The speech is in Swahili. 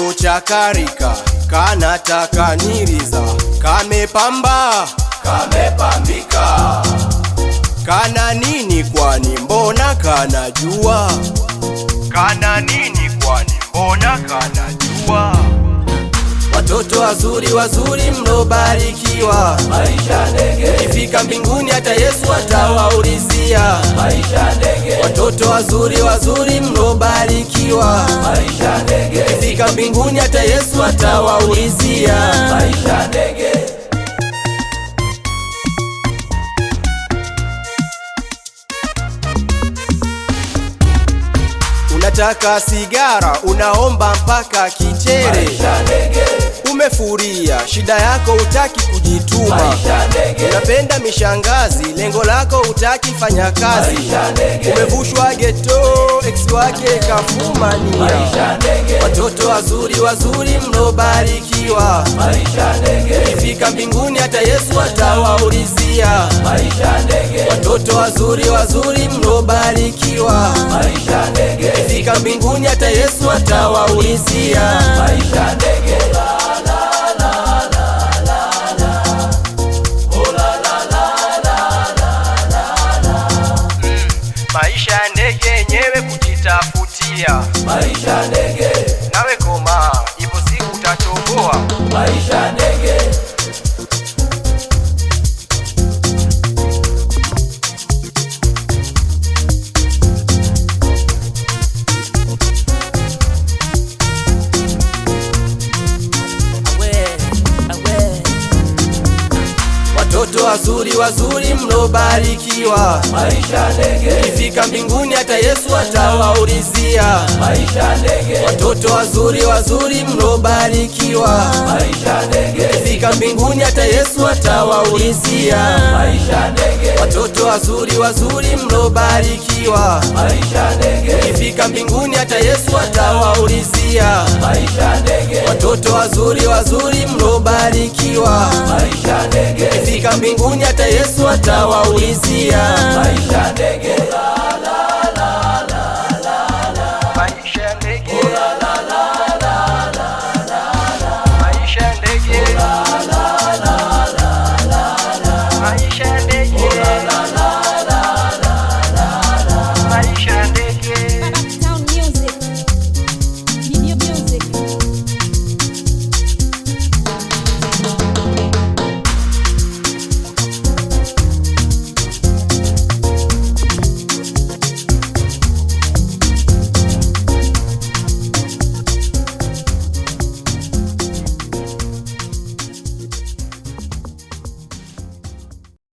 kitu cha Kano chakarika kanatakaniriza kamepamba kamepambika kana nini kwani mbona kanajua kana nini kwani mbona kanajua Watoto wazuri wazuri mlobarikiwa, maisha ndege kifika mbinguni, hata Yesu atawaulizia maisha ndege. Watoto wazuri wazuri mlobarikiwa mbinguni, hata Yesu atawaulizia maisha ndege Unataka sigara, unaomba mpaka kichere. Maisha ndege umefuria, shida yako utaki kujituma, unapenda mishangazi, lengo lako utaki fanya kazi, umevushwa geto, ex wake kafumania, watoto wazuri wazuri mlobarikiwa, ukifika mbinguni hata Yesu atawaulizia, watoto wazuri wazuri mlobarikiwa, ukifika mbinguni hata Yesu atawaulizia kuambia maisha ndege, nawe koma, ipo siku utatoboa maisha ndege. watoto wazuri wazuri mlobarikiwa, ifika mbinguni hata Yesu atawaulizia. Watoto wazuri wazuri mlobarikiwa, ifika mbinguni hata Yesu atawaulizia. Watoto wazuri wazuri mlobarikiwa, ifika mbinguni hata Yesu atawaulizia watoto wazuri wazuri mlobarikiwa, maisha ndege, fika mbinguni hata Yesu atawaulizia maisha